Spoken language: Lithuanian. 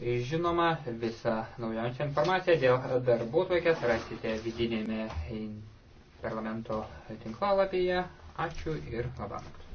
Žinoma, visą naujausią informaciją dėl darbuotojkės rasite vidinėme parlamento tinklalapyje. Ačiū ir labą naktį.